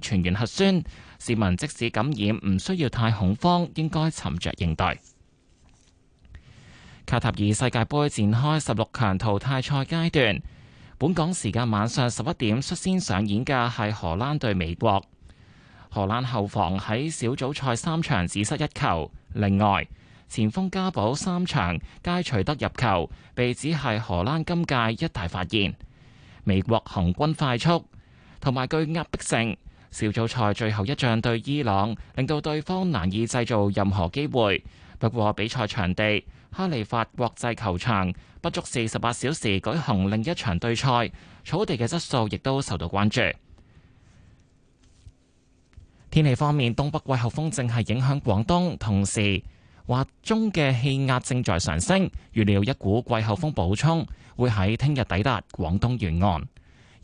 全員核酸，市民即使感染唔需要太恐慌，應該沉着應對。卡塔爾世界杯展開十六強淘汰賽階段，本港時間晚上十一點率先上演嘅係荷蘭對美國。荷蘭後防喺小組賽三場只失一球，另外前鋒加保三場皆取得入球，被指係荷蘭今屆一大發現。美國行軍快速，同埋具壓迫性。小組賽最後一仗對伊朗，令到對方難以製造任何機會。不過比賽場地哈利法國際球場不足四十八小時舉行另一場對賽，草地嘅質素亦都受到關注。天氣方面，東北季候風正係影響廣東，同時華中嘅氣壓正在上升，預料一股季候風補充會喺聽日抵達廣東沿岸。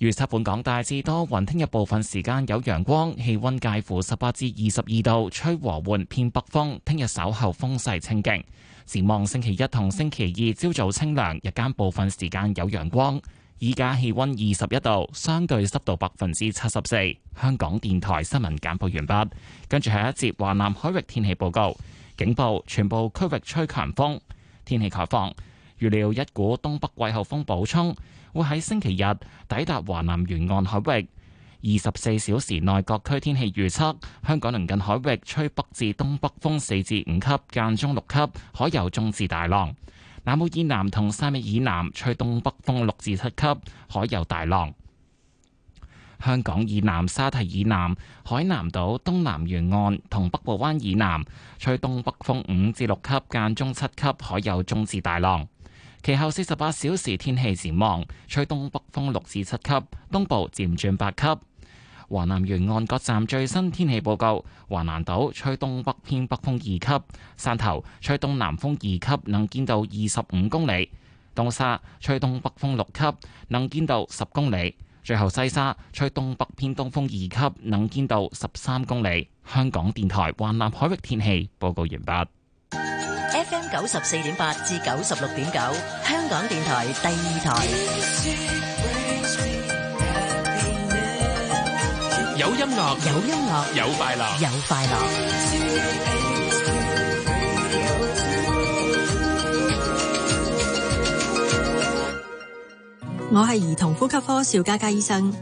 預測本港大致多雲，聽日部分時間有陽光，氣溫介乎十八至二十二度，吹和緩偏北風。聽日稍後風勢清勁。展望星期一同星期二，朝早清涼，日間部分時間有陽光。依家氣溫二十一度，相對濕度百分之七十四。香港電台新聞簡報完畢。跟住係一節華南海域天氣報告。警報：全部區域吹強風。天氣概況：預料一股東北季候風補充。會喺星期日抵達華南沿岸海域。二十四小時內各區天氣預測：香港鄰近海域吹北至東北風四至五級，間中六級，海有中至大浪；南澳以南同沙美以南吹東北風六至七級，海有大浪。香港以南沙堤以南、海南島東南沿岸同北部灣，灣以南吹東北風五至六級，間中七級，海有中至大浪。其後四十八小時天氣展望，吹東北風六至七級，東部漸轉八級。華南沿岸各站最新天氣報告：華南島吹東北偏北風二級，汕頭吹東南風二級，能見度二十五公里；東沙吹東北風六級，能見度十公里；最後西沙吹東北偏東風二級，能見度十三公里。香港電台華南海域天氣報告完畢。FM 九十四點八至九十六點九，香港電台第二台。有音樂，有音樂，有快樂，有快樂。我係兒童呼吸科邵嘉嘉醫生。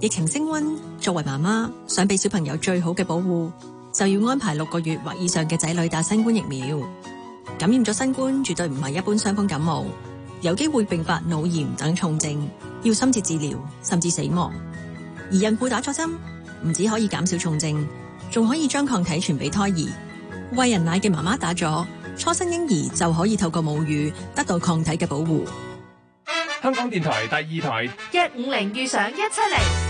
疫情升溫，作為媽媽，想俾小朋友最好嘅保護，就要安排六個月或以上嘅仔女打新冠疫苗。感染咗新冠，絕對唔係一般傷風感冒，有機會併發腦炎等重症，要深切治療，甚至死亡。而孕婦打咗針，唔止可以減少重症，仲可以將抗體傳俾胎兒。喂人奶嘅媽媽打咗，初生嬰兒就可以透過母乳得到抗體嘅保護。香港電台第二台，一五零遇上一七零。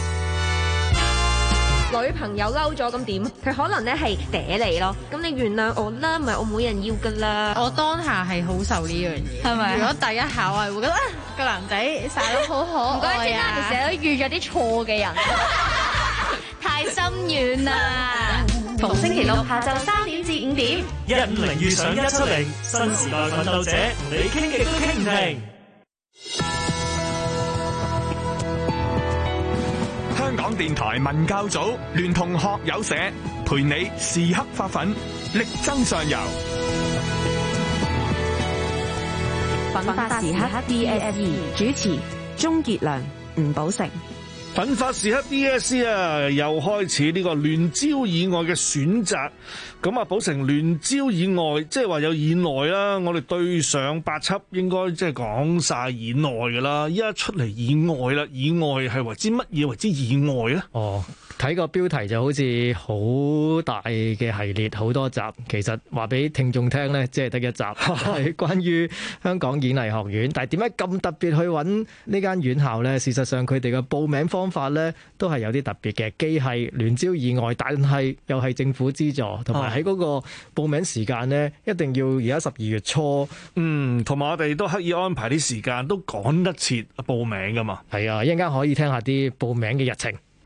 女朋友嬲咗咁點？佢可能咧係嗲你咯。咁你原諒我啦，唔係我冇人要噶啦。我當下係好受呢樣嘢，係咪？如果第一下啊，會覺得個男仔細佬好可愛啊。唔該，朱家琪，成日都遇咗啲錯嘅人，太心軟啦。逢星期六下晝三點至五點，一五零遇上一七零，新時代奮鬥者同你傾極都傾唔停。香港電台文教組聯同學友社陪你時刻發奮，力爭上游。奮發時刻 DSE 主持：鍾傑良、吳寶成。奮發時刻 DSC 啊，又開始呢個聯招以外嘅選擇，咁啊，補成聯招以外，即係話有以內啦。我哋對上八輯應該即係講晒以內噶啦，依家出嚟以外啦，以外係為之乜嘢為之以外咧？哦。Oh. 睇個標題就好似好大嘅系列，好多集。其實話俾聽眾聽呢，即係得一集係、就是、關於香港演藝學院。 但係點解咁特別去揾呢間院校呢？事實上佢哋嘅報名方法呢，都係有啲特別嘅，既係聯招以外，但係又係政府資助，同埋喺嗰個報名時間呢，一定要而家十二月初。 嗯，同埋我哋都刻意安排啲時間，都趕得切報名噶嘛。係啊，一陣間可以聽下啲報名嘅日程。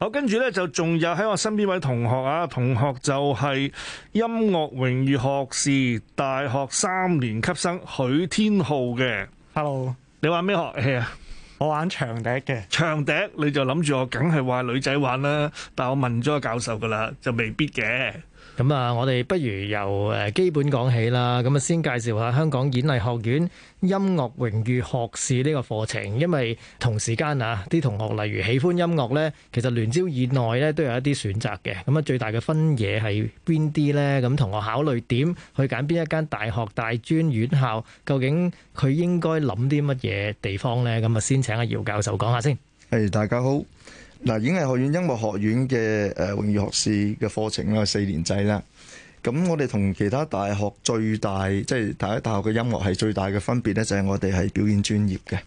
好，跟住呢，就仲有喺我身邊位同學啊，同學就係音樂榮譽學士、大學三年級生許天灝嘅。Hello，你玩咩樂器啊？欸、我玩長笛嘅。長笛你就諗住我梗係話女仔玩啦，但我問咗個教授噶啦，就未必嘅。咁啊，我哋不如由誒基本講起啦。咁啊，先介紹下香港演藝學院音樂榮譽學士呢個課程，因為同時間啊，啲同學例如喜歡音樂呢，其實聯招以內呢都有一啲選擇嘅。咁啊，最大嘅分野係邊啲呢？咁同學考慮點去揀邊一間大學大專院校？究竟佢應該諗啲乜嘢地方呢？咁啊，先請阿姚教授講下先。誒，大家好。嗱，演藝學院音樂學院嘅誒榮譽學士嘅課程啦，四年制啦。咁我哋同其他大學最大即係其他大學嘅音樂系最大嘅分別咧，就係、是、我哋係表演專業嘅。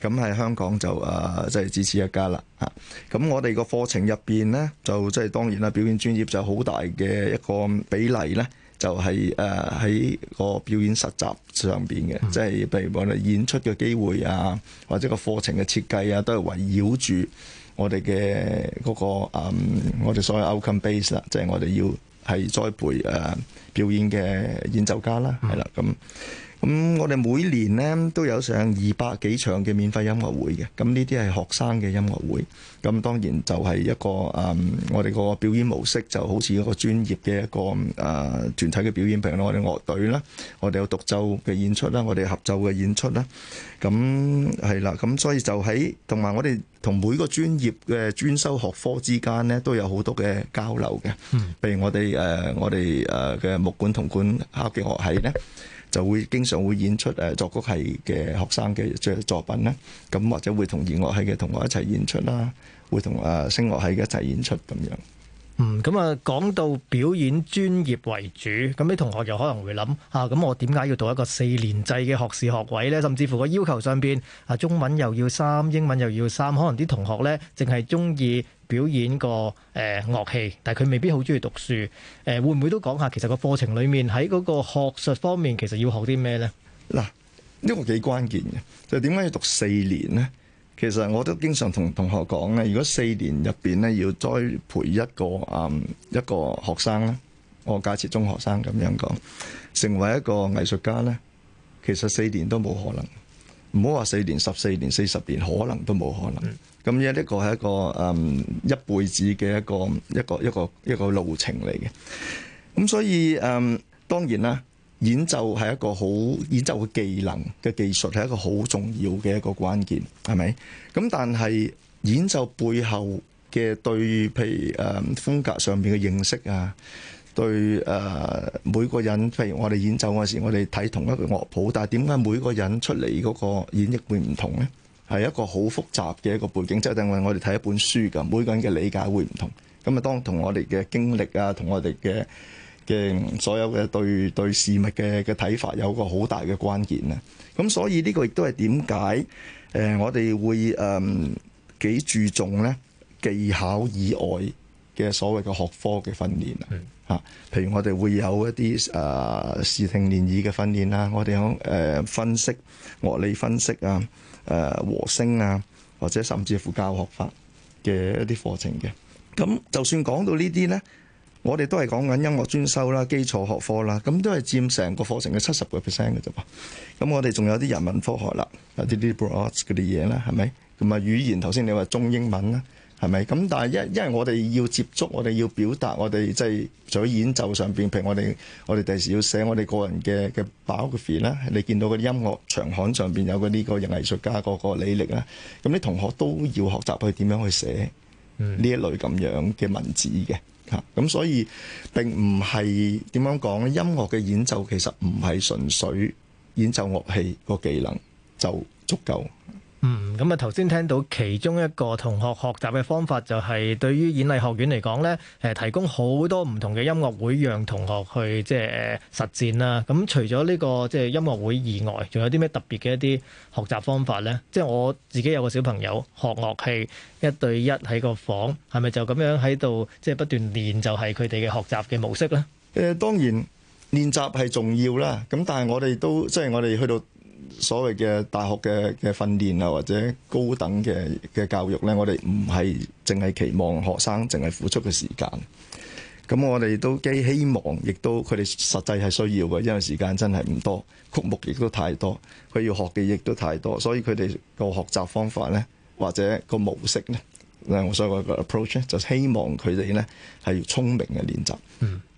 咁喺香港就誒即係只此一家啦。吓，咁我哋個課程入邊咧，就即係、就是、當然啦，表演專業就好大嘅一個比例咧，就係誒喺個表演實習上邊嘅，即係譬如我哋演出嘅機會啊，或者個課程嘅設計啊，都係圍繞住。我哋嘅嗰個、嗯、我哋所謂 outcome base 啦，即係我哋要係栽培誒、呃、表演嘅演奏家啦，係啦咁。咁我哋每年咧都有上二百幾場嘅免費音樂會嘅，咁呢啲係學生嘅音樂會，咁當然就係一個啊，我哋個表演模式就好似一個專業嘅一個啊團體嘅表演，譬如我哋樂隊啦，我哋有獨奏嘅演出啦，我哋合奏嘅演出啦，咁係啦，咁所以就喺同埋我哋同每個專業嘅專修學科之間咧，都有好多嘅交流嘅，嗯，譬如我哋誒我哋誒嘅木管銅管敲擊樂系咧。就會經常會演出誒作曲系嘅學生嘅作作品啦，咁或者會同弦樂系嘅同學一齊演出啦，會同誒聲樂系一齊演出咁樣。嗯，咁啊，講到表演專業為主，咁啲同學又可能會諗嚇，咁啊我點解要讀一個四年制嘅學士學位呢？甚至乎個要求上邊啊，中文又要三，英文又要三，可能啲同學呢，淨係中意表演個誒樂器，但係佢未必好中意讀書。誒、呃，會唔會都講下其實個課程裡面喺嗰個學術方面其實要學啲咩呢？嗱，呢個幾關鍵嘅，就點解要讀四年呢？其實我都經常同同學講咧，如果四年入邊咧要栽培一個嗯一個學生咧，我假設中學生咁樣講，成為一個藝術家咧，其實四年都冇可能，唔好話四年、十四年、四十年，可能都冇可能。咁呢一個係、嗯、一,一個嗯一輩子嘅一個一個一個一個路程嚟嘅。咁、嗯、所以嗯當然啦。演奏係一個好演奏嘅技能嘅技術係一個好重要嘅一個關鍵係咪？咁但係演奏背後嘅對譬如誒風格上面嘅認識啊，對誒每個人譬如我哋演奏嗰時，我哋睇同一個樂譜，但係點解每個人出嚟嗰個演繹會唔同呢？係一個好複雜嘅一個背景，即係等於我哋睇一本書㗎，每個人嘅理解會唔同。咁啊，當同我哋嘅經歷啊，同我哋嘅嘅所有嘅對對事物嘅嘅睇法有個好大嘅關鍵啊！咁所以呢個亦都係點解誒我哋會誒幾、呃、注重咧技巧以外嘅所謂嘅學科嘅訓練啊嚇！的譬如我哋會有一啲誒視聽練耳嘅訓練啦，我哋響誒分析樂理分析啊誒、呃、和聲啊，或者甚至乎教學法嘅一啲課程嘅。咁就算講到呢啲咧。我哋都係講緊音樂專修啦，基礎學科啦，咁都係佔成個課程嘅七十個 percent 嘅啫噃。咁我哋仲有啲人文科學啦，有啲 liberal arts 嗰啲嘢啦，係咪？同埋語言，頭先你話中英文啦，係咪？咁但係一因為我哋要接觸，我哋要表達我，我哋即係在演奏上邊，譬如我哋我哋第時要寫我哋個人嘅嘅 biography 呢？你見到嘅音樂長巷上邊有嘅呢個藝術家個個履歷啦，咁啲同學都要學習去點樣去寫呢一類咁樣嘅文字嘅。嗯咁所以並唔係點樣講咧，音樂嘅演奏其實唔係純粹演奏樂器個技能就足夠。嗯，咁啊，頭先聽到其中一個同學學習嘅方法就係對於演藝學院嚟講呢誒，提供好多唔同嘅音樂會，讓同學去即係、呃、實踐啦。咁、嗯、除咗呢、呢個即係音樂會以外，仲有啲咩特別嘅一啲學習方法呢？即係我自己有個小朋友學樂器，一對一喺個房，係咪就咁樣喺度即係不斷練，就係佢哋嘅學習嘅模式呢？誒、呃，當然練習係重要啦，咁但係我哋都即係我哋去到。所謂嘅大學嘅嘅訓練啊，或者高等嘅嘅教育咧，我哋唔係淨係期望學生淨係付出嘅時間。咁我哋都幾希望，亦都佢哋實際係需要嘅，因為時間真係唔多，曲目亦都太多，佢要學嘅亦都太多，所以佢哋個學習方法咧，或者個模式咧，我所謂嘅 approach 咧，就希望佢哋咧係要聰明嘅練習，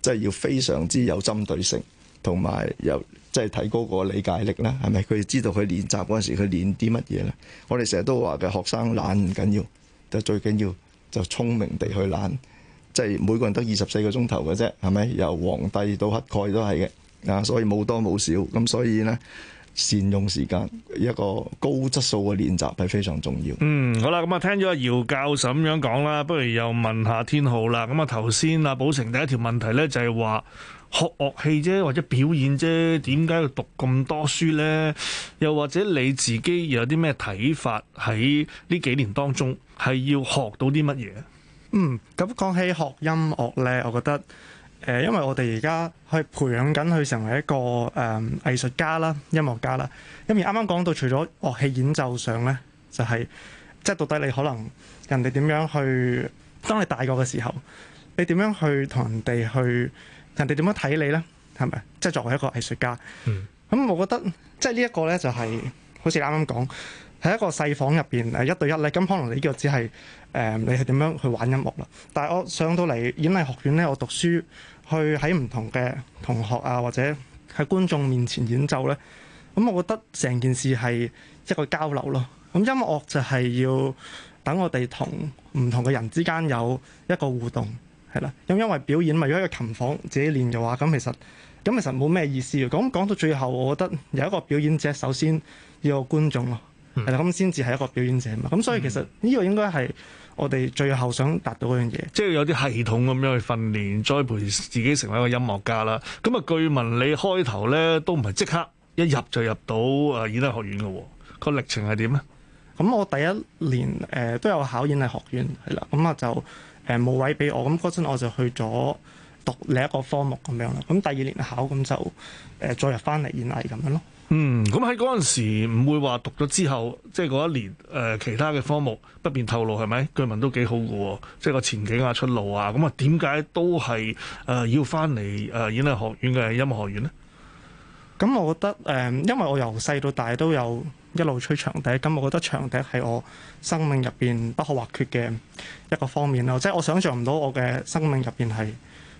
即係要非常之有針對性，同埋有，有。即係睇嗰個理解力啦，係咪？佢知道佢練習嗰陣時佢練啲乜嘢啦？我哋成日都話嘅學生懶唔緊要，就最緊要就聰明地去懶。即係每個人得二十四個鐘頭嘅啫，係咪？由皇帝到乞丐都係嘅，啊！所以冇多冇少，咁所以咧。善用時間，一個高質素嘅練習係非常重要。嗯。嗯，好啦，咁啊聽咗姚教授咁樣講啦，不如又問下天灝啦。咁啊頭先啊，寶成第一條問題呢，就係話學樂器啫，或者表演啫，點解要讀咁多書呢？又或者你自己有啲咩睇法喺呢幾年當中係要學到啲乜嘢？嗯，咁講起學音樂呢，我覺得。誒，因為我哋而家去培養緊佢成為一個誒、嗯、藝術家啦、音樂家啦。因為啱啱講到，除咗樂器演奏上咧，就係即係到底你可能人哋點樣去？當你大個嘅時候，你點樣去同人哋去？人哋點樣睇你咧？係咪？即係作為一個藝術家。嗯。咁我覺得即係呢一個咧，就係好似啱啱講。喺一個細房入邊誒一對一咧，咁可能你呢個只係誒、呃、你係點樣去玩音樂啦。但係我上到嚟演藝學院咧，我讀書去喺唔同嘅同學啊，或者喺觀眾面前演奏咧，咁我覺得成件事係一個交流咯。咁音樂就係要等我哋同唔同嘅人之間有一個互動，係啦。咁因為表演咪如果喺一個琴房自己練嘅話，咁其實咁其實冇咩意思嘅。咁講到最後，我覺得有一個表演者，首先要個觀眾咯。係啦，咁先至係一個表演者嘛，咁、嗯、所以其實呢個應該係我哋最後想達到嗰樣嘢。即係有啲系統咁樣去訓練栽培自己成為一個音樂家啦。咁啊，據聞你開頭咧都唔係即刻一入就入到啊演藝學院嘅，那個歷程係點咧？咁我第一年誒、呃、都有考演藝學院係啦，咁啊就誒冇、呃、位俾我，咁嗰陣我就去咗讀另一個科目咁樣啦。咁第二年考咁就誒、呃、再入翻嚟演藝咁樣咯。嗯，咁喺嗰陣時唔會話讀咗之後，即係嗰一年誒、呃、其他嘅科目不便透露係咪？據聞都幾好嘅喎、哦，即係個前景啊、出路啊，咁啊點解都係誒、呃、要翻嚟誒演藝學院嘅音樂學院呢？咁我覺得誒、呃，因為我由細到大都有一路吹長笛，咁我覺得長笛係我生命入邊不可或缺嘅一個方面咯。即係我想像唔到我嘅生命入邊係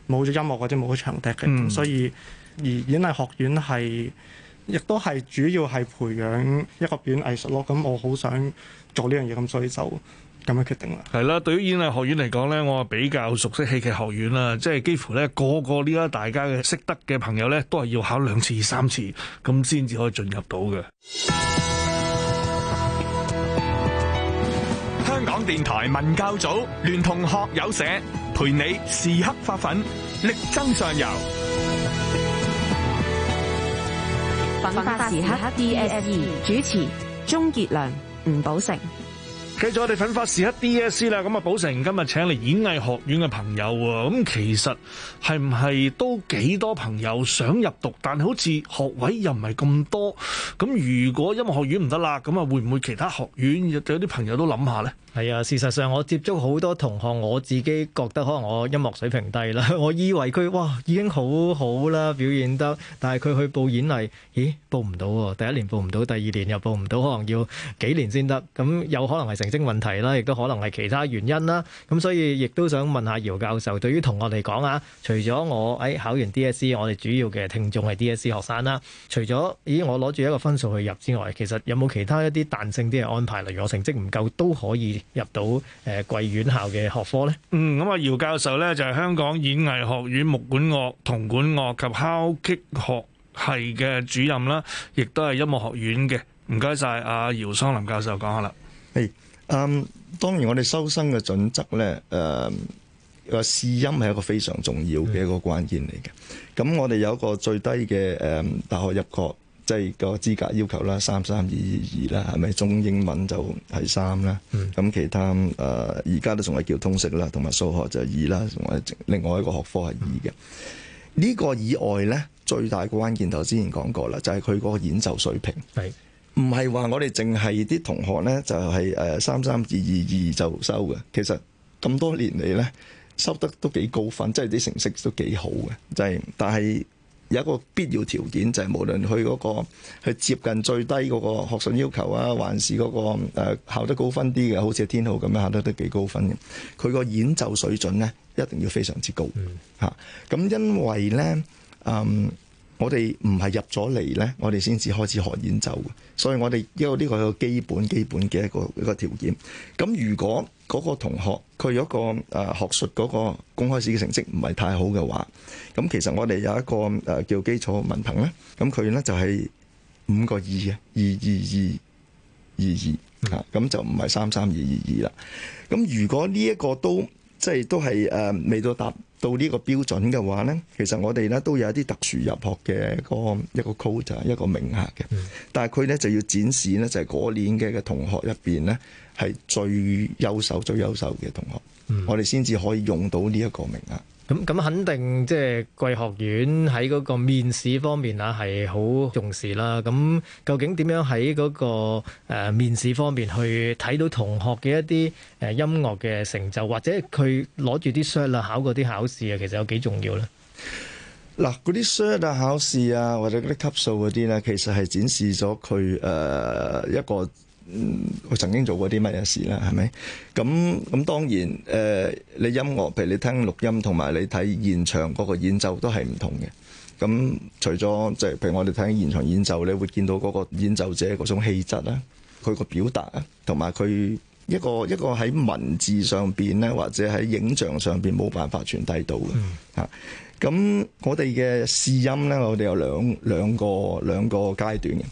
冇咗音樂或者冇咗長笛嘅，嗯、所以而演藝學院係，亦都係主要係培養一個表演藝術咯，咁我好想做呢樣嘢，咁所以就咁樣決定啦。係啦，對於演藝學院嚟講呢，我比較熟悉戲劇學院啦，即係幾乎呢個個呢家大家嘅識得嘅朋友呢，都係要考兩次、三次，咁先至可以進入到嘅。香港電台文教組聯同學友社，陪你時刻發奮，力爭上游。奮發時刻 DSE 主持鍾杰良、吳寶成，繼續我哋奮發時刻 DSE 啦。咁啊，寶成今日請嚟演藝學院嘅朋友啊。咁其實係唔係都幾多朋友想入讀，但係好似學位又唔係咁多。咁如果音樂學院唔得啦，咁啊會唔會其他學院有啲朋友都諗下咧？係啊，事實上我接觸好多同學，我自己覺得可能我音樂水平低啦，我以為佢哇已經好好啦，表現得，但係佢去報演藝，咦報唔到，第一年報唔到，第二年又報唔到，可能要幾年先得，咁有可能係成績問題啦，亦都可能係其他原因啦，咁所以亦都想問下姚教授，對於同學嚟講啊，除咗我呃考完 DSE，我哋主要嘅聽眾係 DSE 學生啦，除咗咦我攞住一個分數去入之外，其實有冇其他一啲彈性啲嘅安排？例如我成績唔夠都可以？入到誒貴院校嘅學科咧，嗯，咁啊，姚教授咧就係、是、香港演藝學院木管樂、銅管樂及敲擊學系敲擊樂系嘅主任啦，亦都係音樂學院嘅。唔該晒阿姚桑琳教授講下啦。誒，嗯，當然我哋收生嘅準則咧，誒、呃、個試音係一個非常重要嘅一個關鍵嚟嘅。咁、嗯、我哋有一個最低嘅誒大學入學，即係個資格要求啦，三三二二二啦，係咪中英文就係三啦？咁其他誒，而家都仲係叫通識啦，同埋數學就係二啦，另外一個學科係二嘅。呢、嗯、個以外呢，最大嘅關鍵就之前講過啦，就係佢嗰個演奏水平係唔係話我哋淨係啲同學呢，就係誒三三二二二就收嘅？其實咁多年嚟呢，收得都幾高分，即係啲成績都幾好嘅。就係、是，但係。有一個必要條件就係、是、無論佢嗰、那個去接近最低嗰個學術要求啊，還是嗰、那個、呃、考得高分啲嘅，好似天灝咁樣考得都幾高分嘅，佢個演奏水準咧一定要非常之高嚇。咁、嗯啊、因為咧，嗯。我哋唔係入咗嚟呢，我哋先至開始學演奏嘅，所以我哋有呢個基本基本嘅一個一個條件。咁如果嗰個同學佢嗰個誒學術嗰個公開試嘅成績唔係太好嘅話，咁其實我哋有一個誒叫基礎文憑呢。咁佢呢就係五個二呀二二二二二嚇，咁就唔係三三二二二啦。咁如果呢一個都即係都係誒、呃、未到達。到呢個標準嘅話呢，其實我哋呢都有一啲特殊入學嘅一個一個 quota 一個名額嘅，但係佢呢就要展示呢，就係嗰年嘅嘅同學入邊呢係最優秀最優秀嘅同學，我哋先至可以用到呢一個名額。咁咁肯定，即係貴學院喺嗰個面試方面啊，係好重視啦。咁究竟點樣喺嗰個誒面試方面去睇到同學嘅一啲誒音樂嘅成就，或者佢攞住啲 cert 啊，考過啲考試啊，其實有幾重要咧？嗱，嗰啲 cert 啊，考試啊，或者嗰啲級數嗰啲咧，其實係展示咗佢誒一個。嗯，我曾經做過啲乜嘢事啦？係咪咁咁？當然誒、呃，你音樂，譬如你聽錄音，同埋你睇現場嗰個演奏都係唔同嘅。咁除咗就係譬如我哋睇現場演奏，你會見到嗰個演奏者嗰種氣質啊，佢個表達啊，同埋佢一個一個喺文字上邊咧，或者喺影像上邊冇辦法傳遞到嘅嚇。咁、嗯啊、我哋嘅試音咧，我哋有兩兩個兩個階段嘅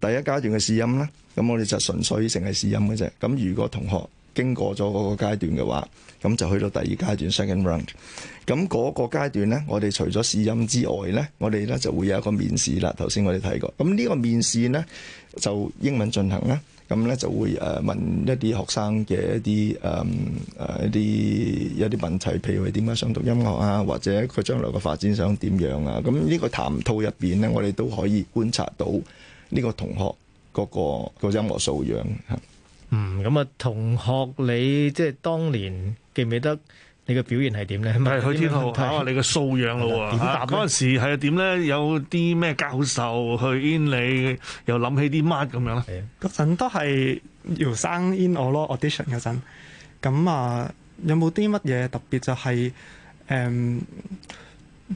第一階段嘅試音啦。咁我哋就純粹淨係試音嘅啫。咁如果同學經過咗嗰個階段嘅話，咁就去到第二階段 Second Round。咁嗰個階段咧，我哋除咗試音之外咧，我哋咧就會有一個面試啦。頭先我哋睇過。咁呢個面試咧就英文進行啦。咁咧就會誒問一啲學生嘅一啲誒誒一啲一啲問題，譬如點解想讀音樂啊，或者佢將來嘅發展想點樣啊。咁呢個談吐入邊咧，我哋都可以觀察到呢個同學。嗰個音樂素養，嗯咁啊，那個、同學，你即係當年記唔記得？你嘅表現係點咧？係去、嗯、在天睇下你嘅素養咯喎，嗱嗰陣時係點咧？有啲咩教授去 In 你又諗起啲乜咁樣咧？嗰陣、啊、都係姚生 in 我咯，audition 嗰陣咁啊，有冇啲乜嘢特別就係、是、誒、嗯、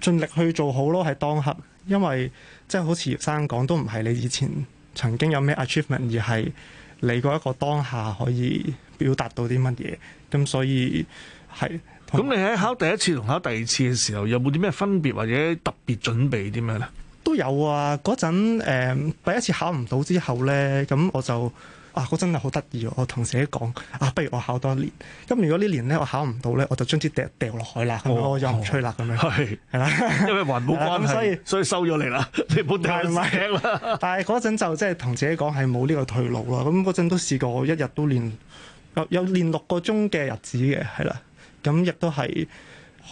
盡力去做好咯？喺當刻，因為即係好似姚生講，都唔係你以前。曾經有咩 achievement 而係你嗰一個當下可以表達到啲乜嘢？咁所以係。咁你喺考第一次同考第二次嘅時候，有冇啲咩分別或者特別準備啲咩咧？都有啊！嗰陣、呃、第一次考唔到之後咧，咁我就。啊！嗰陣真係好得意，我同自己講：啊，不如我考多一年。咁如果呢年咧我考唔到咧，我就將支笛掉落海啦，我又唔吹啦咁樣，係啦、哦，的因為雲冇關係， 所以所以收咗嚟啦，你冇掟埋柄啦。了但係嗰陣就即係同自己講係冇呢個退路啦。咁嗰陣都試過，一日都練有有練六個鐘嘅日子嘅，係啦。咁亦都係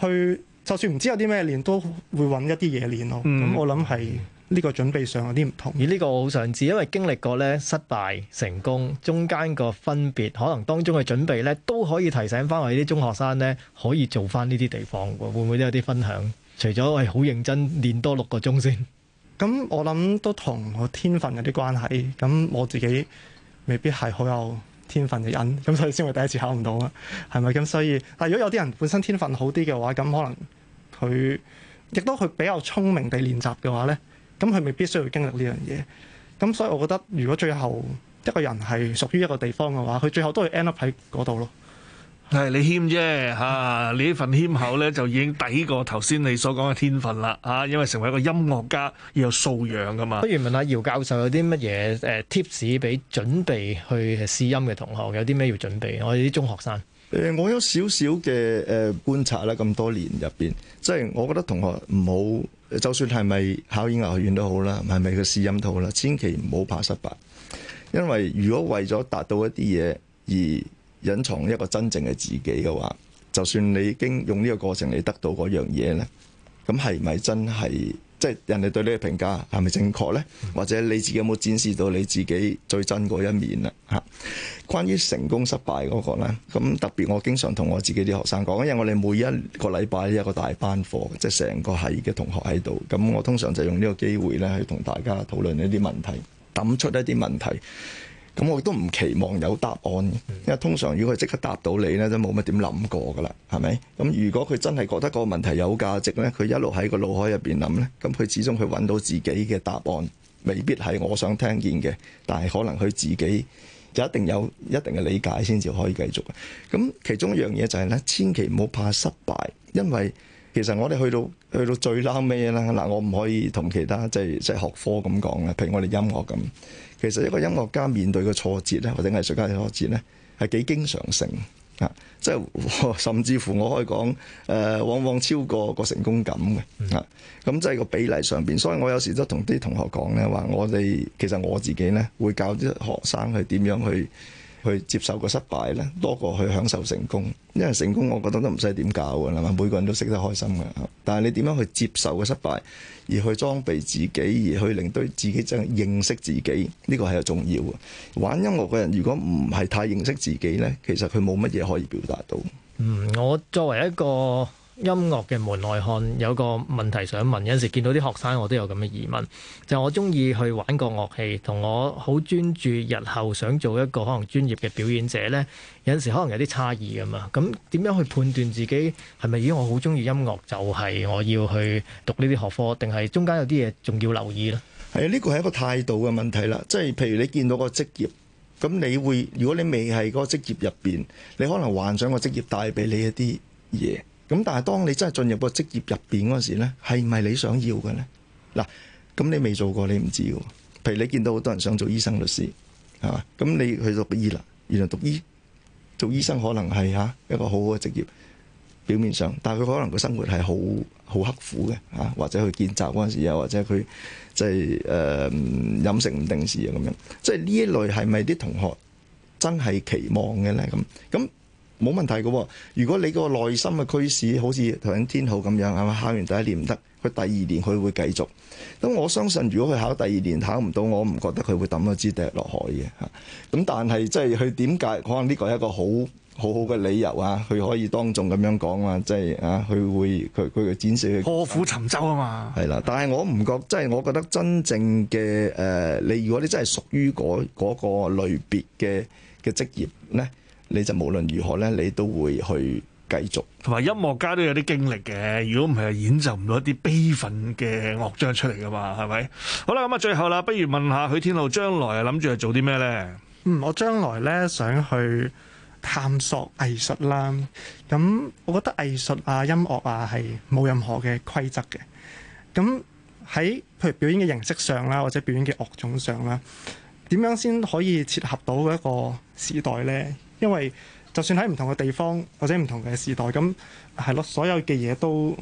去，就算唔知有啲咩練，都會揾一啲嘢練咯。咁我諗係。嗯呢個準備上有啲唔同，而呢個我好想知，因為經歷過咧失敗、成功，中間個分別可能當中嘅準備咧都可以提醒翻我哋啲中學生咧可以做翻呢啲地方，會唔會都有啲分享？除咗係好認真練多六個鐘先，咁、嗯、我諗都同我天分有啲關係。咁我自己未必係好有天分嘅人，咁所以先會第一次考唔到啊，係咪咁？所以，但如果有啲人本身天分好啲嘅話，咁可能佢亦都佢比較聰明地練習嘅話咧。咁佢未必需要經歷呢樣嘢，咁所以我覺得如果最後一個人係屬於一個地方嘅話，佢最後都係 end up 喺嗰度咯。係、哎、你謙啫嚇、啊，你呢份謙厚咧就已經抵過頭先你所講嘅天分啦嚇、啊，因為成為一個音樂家要有素養噶嘛。不如問下姚教授有啲乜嘢誒 tips 俾準備去試音嘅同學，有啲咩要準備？我哋啲中學生。誒、呃，我有少少嘅誒觀察啦，咁多年入邊，即係我覺得同學唔好，就算係咪考演藝學院都好啦，係咪個試音都好啦，千祈唔好怕失敗，因為如果為咗達到一啲嘢而隱藏一個真正嘅自己嘅話，就算你已經用呢個過程嚟得到嗰樣嘢咧，咁係咪真係？即係人哋對你嘅評價係咪正確呢？或者你自己有冇展示到你自己最真嗰一面咧？嚇！關於成功失敗嗰個咧，咁特別我經常同我自己啲學生講，因為我哋每一個禮拜一個大班課，即係成個係嘅同學喺度，咁我通常就用呢個機會咧去同大家討論一啲問題，揼出一啲問題。咁我亦都唔期望有答案，因為通常如果佢即刻答到你咧，都冇乜點諗過㗎啦，係咪？咁如果佢真係覺得個問題有價值咧，佢一路喺個腦海入邊諗咧，咁佢始終佢揾到自己嘅答案，未必係我想聽見嘅，但係可能佢自己就一定有一定嘅理解先至可以繼續嘅。咁其中一樣嘢就係、是、咧，千祈唔好怕失敗，因為其實我哋去到去到最拉尾啦，嗱，我唔可以同其他即係即係學科咁講啦，譬如我哋音樂咁。其實一個音樂家面對嘅挫折咧，或者藝術家嘅挫折咧，係幾經常性啊！即係甚至乎我可以講，誒、呃、往往超過個成功感嘅啊！咁即係個比例上邊，所以我有時都同啲同學講咧，話我哋其實我自己咧會教啲學生去點樣去去接受個失敗咧，多過去享受成功，因為成功我覺得都唔使點教㗎啦嘛，每個人都識得開心㗎。但係你點樣去接受個失敗，而去裝備自己，而去令到自己真係認識自己，呢個係有重要㗎。玩音樂嘅人如果唔係太認識自己咧，其實佢冇乜嘢可以表達到。嗯，我作為一個。音樂嘅門外漢有個問題想問，有時見到啲學生，我都有咁嘅疑問。就係、我中意去玩個樂器，同我好專注，日後想做一個可能專業嘅表演者呢，有時可能有啲差異㗎嘛。咁點樣去判斷自己係咪已經我好中意音樂，就係、係、我要去讀呢啲學科，定係中間有啲嘢仲要留意呢？係啊，呢個係一個態度嘅問題啦。即係譬如你見到個職業，咁你會，如果你未係嗰個職業入邊，你可能幻想個職業帶俾你一啲嘢。咁但係當你真係進入個職業入邊嗰陣時咧，係唔係你想要嘅咧？嗱，咁你未做過你唔知喎。譬如你見到好多人想做醫生律師，係嘛？咁你去讀醫啦，原來讀醫做醫生可能係嚇、啊、一個好好嘅職業，表面上，但係佢可能個生活係好好刻苦嘅啊，或者去見習嗰陣時啊，或者佢就係、是、誒、呃、飲食唔定時啊咁樣。即係呢一類係咪啲同學真係期望嘅咧？咁咁。嗯。冇問題嘅，如果你個內心嘅驅使好似頭先天灝咁樣，係嘛，考完第一年唔得，佢第二年佢會繼續。咁我相信，如果佢考第二年考唔到，我唔覺得佢會抌咗支釘落海嘅嚇。咁、啊、但係即係佢點解可能呢個係一個好好好嘅理由啊？佢可以當眾咁樣講啊。即係啊，佢會佢佢展示佢破釜沉舟啊嘛。係啦，但係我唔覺即係我覺得真正嘅誒、呃，你如果你真係屬於嗰、那、嗰、個那個類別嘅嘅職業咧。你就無論如何咧，你都會去繼續。同埋，音樂家都有啲經歷嘅。如果唔係，演奏唔到一啲悲憤嘅樂章出嚟㗎嘛，係咪？好啦，咁啊，最後啦，不如問下許天灝，將來啊諗住係做啲咩咧？嗯，我將來咧想去探索藝術啦。咁，我覺得藝術啊、音樂啊，係冇任何嘅規則嘅。咁喺譬如表演嘅形式上啦，或者表演嘅樂種上啦，點樣先可以切合到一個時代咧？因為就算喺唔同嘅地方或者唔同嘅時代，咁係咯，所有嘅嘢都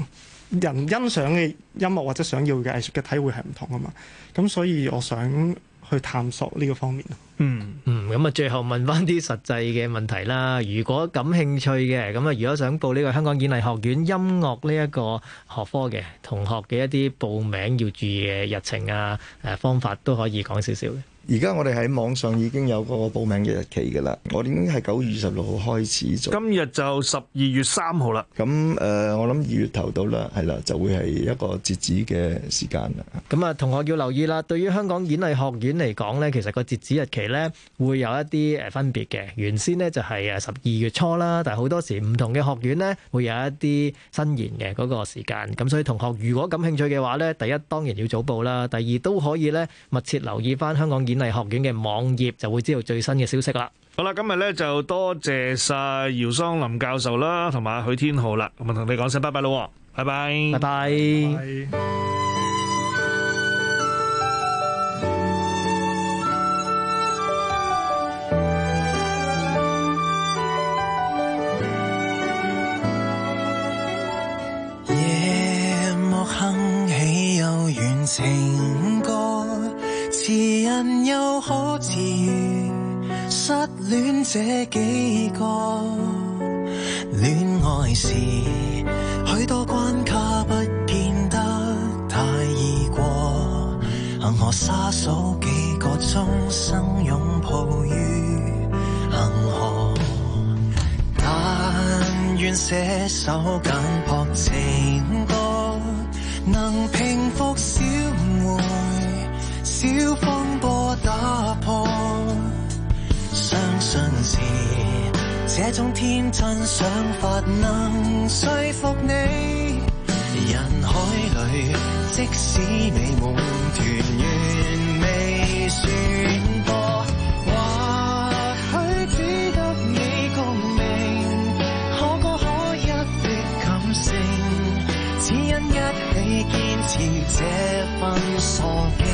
人欣賞嘅音樂或者想要嘅藝術嘅體會係唔同啊嘛，咁所以我想去探索呢個方面。嗯嗯，咁、嗯、啊，最後問翻啲實際嘅問題啦。如果感興趣嘅，咁啊，如果想報呢個香港演藝學院音樂呢一個學科嘅同學嘅一啲報名要注意嘅日程啊，誒方法都可以講少少嘅。而家我哋喺網上已經有個報名嘅日期㗎啦，我哋已經係九月二十六號開始做。今日就十二月三號啦。咁誒、呃，我諗二月頭到啦，係啦，就會係一個截止嘅時間啦。咁啊，同學要留意啦，對於香港演藝學院嚟講呢，其實個截止日期呢會有一啲誒分別嘅。原先呢就係誒十二月初啦，但係好多時唔同嘅學院呢會有一啲新延嘅嗰個時間。咁所以同學如果感興趣嘅話呢，第一當然要早報啦，第二都可以呢密切留意翻香港演。演藝學院嘅網頁就會知道最新嘅消息啦。好啦，今日咧就多謝晒姚桑琳教授啦，同埋許天灝啦，咁啊同你講聲拜拜咯喎，拜拜，拜拜。可治癒失戀這幾個戀愛是，許多關卡不見得太易過。恒河沙數幾個終生擁抱於恒河，但願寫首簡樸情歌，能平复小。小風波打破，相信是這種天真想法能說服你。人海裏，即使美夢團圓未算多，或許只得你共鳴。可歌可泣的感性，只因一起堅持這份傻勁。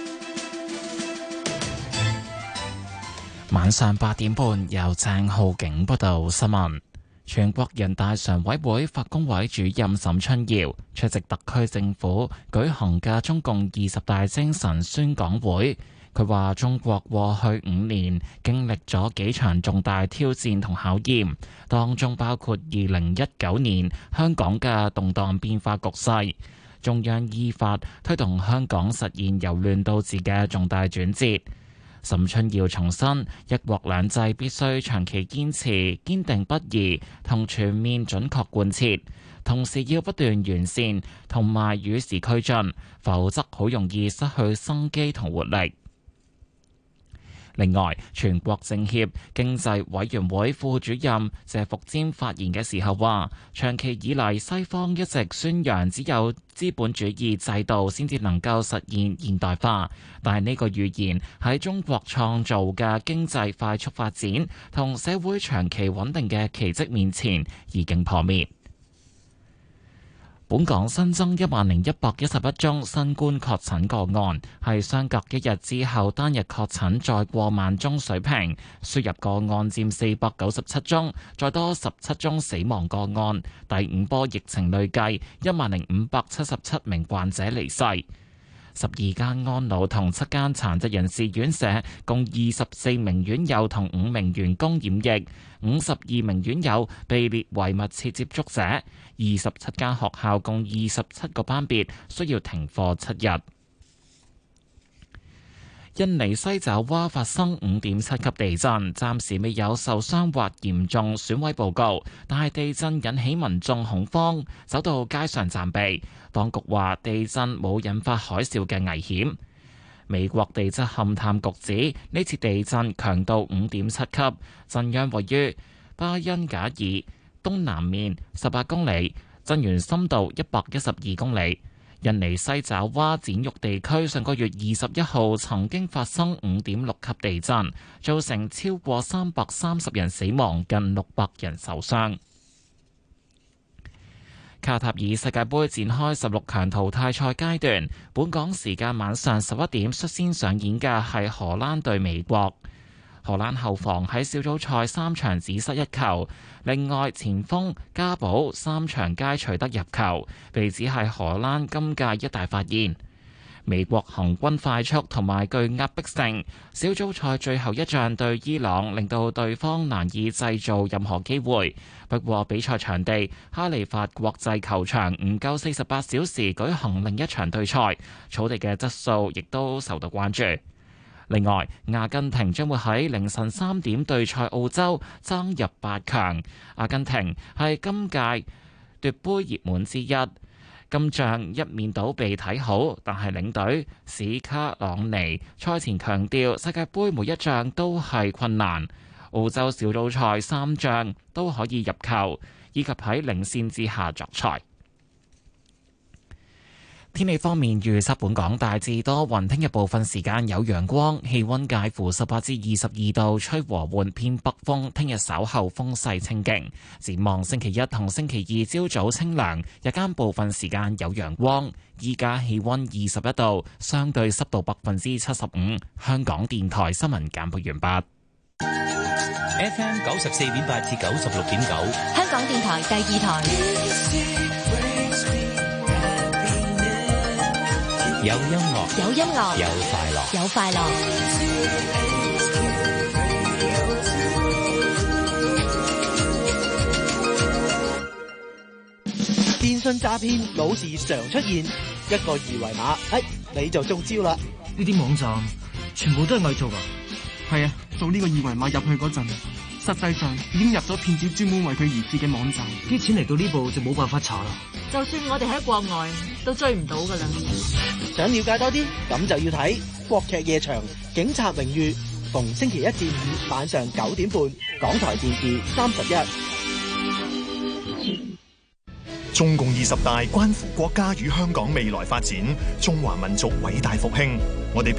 晚上八點半，由鄭浩景報道新聞。全國人大常委會法工委主任沈春耀出席特區政府舉行嘅中共二十大精神宣講會。佢話：中國過去五年經歷咗幾場重大挑戰同考驗，當中包括二零一九年香港嘅動盪變化局勢，中央依法推動香港實現由亂到治嘅重大轉折。沈春耀重申，一國兩制必須長期堅持、堅定不移同全面準確貫徹，同時要不斷完善同埋與時俱進，否則好容易失去生機同活力。另外，全國政協經濟委員會副主任謝伏瞻發言嘅時候話，長期以嚟西方一直宣揚只有資本主義制度先至能夠實現現代化，但係呢個預言喺中國創造嘅經濟快速發展同社會長期穩定嘅奇蹟面前已經破滅。本港新增一萬零一百一十一宗新冠確診個案，係相隔一日之後單日確診再過萬宗水平，輸入個案佔四百九十七宗，再多十七宗死亡個案，第五波疫情累計一萬零五百七十七名患者離世。十二間安老同七間殘疾人士院舍，共二十四名院友同五名員工染疫，五十二名院友被列為密切接觸者，二十七間學校共二十七個班別需要停課七日。印尼西爪哇發生五點七級地震，暫時未有受傷或嚴重損毀報告，但係地震引起民眾恐慌，走到街上暫避。當局話地震冇引發海嘯嘅危險。美國地質勘探局指呢次地震強度五點七級，震央位於巴恩賈爾東南面十八公里，震源深度一百一十二公里。印尼西爪哇展玉地區上個月二十一號曾經發生五點六級地震，造成超過三百三十人死亡，近六百人受傷。卡塔爾世界盃展開十六強淘汰賽階段，本港時間晚上十一點率先上演嘅係荷蘭對美國。荷蘭後防喺小組賽三場只失一球，另外前鋒加保三場皆取得入球，被指係荷蘭今屆一大發現。美國行軍快速同埋巨壓迫性，小組賽最後一仗對伊朗令到對方難以製造任何機會。不過比賽場地哈利法國際球場唔夠四十八小時舉行另一場對賽，草地嘅質素亦都受到關注。另外，阿根廷將會喺凌晨三點對賽澳洲，爭入八強。阿根廷係今屆奪杯熱門之一，今仗一面倒被睇好，但係領隊史卡朗尼賽前強調，世界杯每一仗都係困難。澳洲小組賽三仗都可以入球，以及喺領先之下作賽。天氣方面，預測本港大致多雲，聽日部分時間有陽光，氣溫介乎十八至二十二度，吹和緩偏北風。聽日稍後風勢清勁，展望星期一同星期二朝早清涼，日間部分時間有陽光。依家氣溫二十一度，相對濕度百分之七十五。香港電台新聞簡報完畢。FM 九十四點八至九十六點九，香港電台第二台。 有音樂，有音樂，有快樂，有快樂。電信詐騙老是常出現，一個二維碼，哎，你就中招啦！呢啲網站全部都係偽造啊！係啊，做呢個二維碼入去嗰陣，實際上已經入咗騙子專門為佢而設嘅網站，啲錢嚟到呢度就冇辦法查啦。就算我哋喺國外都追唔到噶啦。想了解多啲，咁就要睇《國劇夜場》《警察榮譽》，逢星期一至五晚上九點半，港台電視三十一。中共二十大關乎國家與香港未來發展，中華民族偉大復興，我哋必。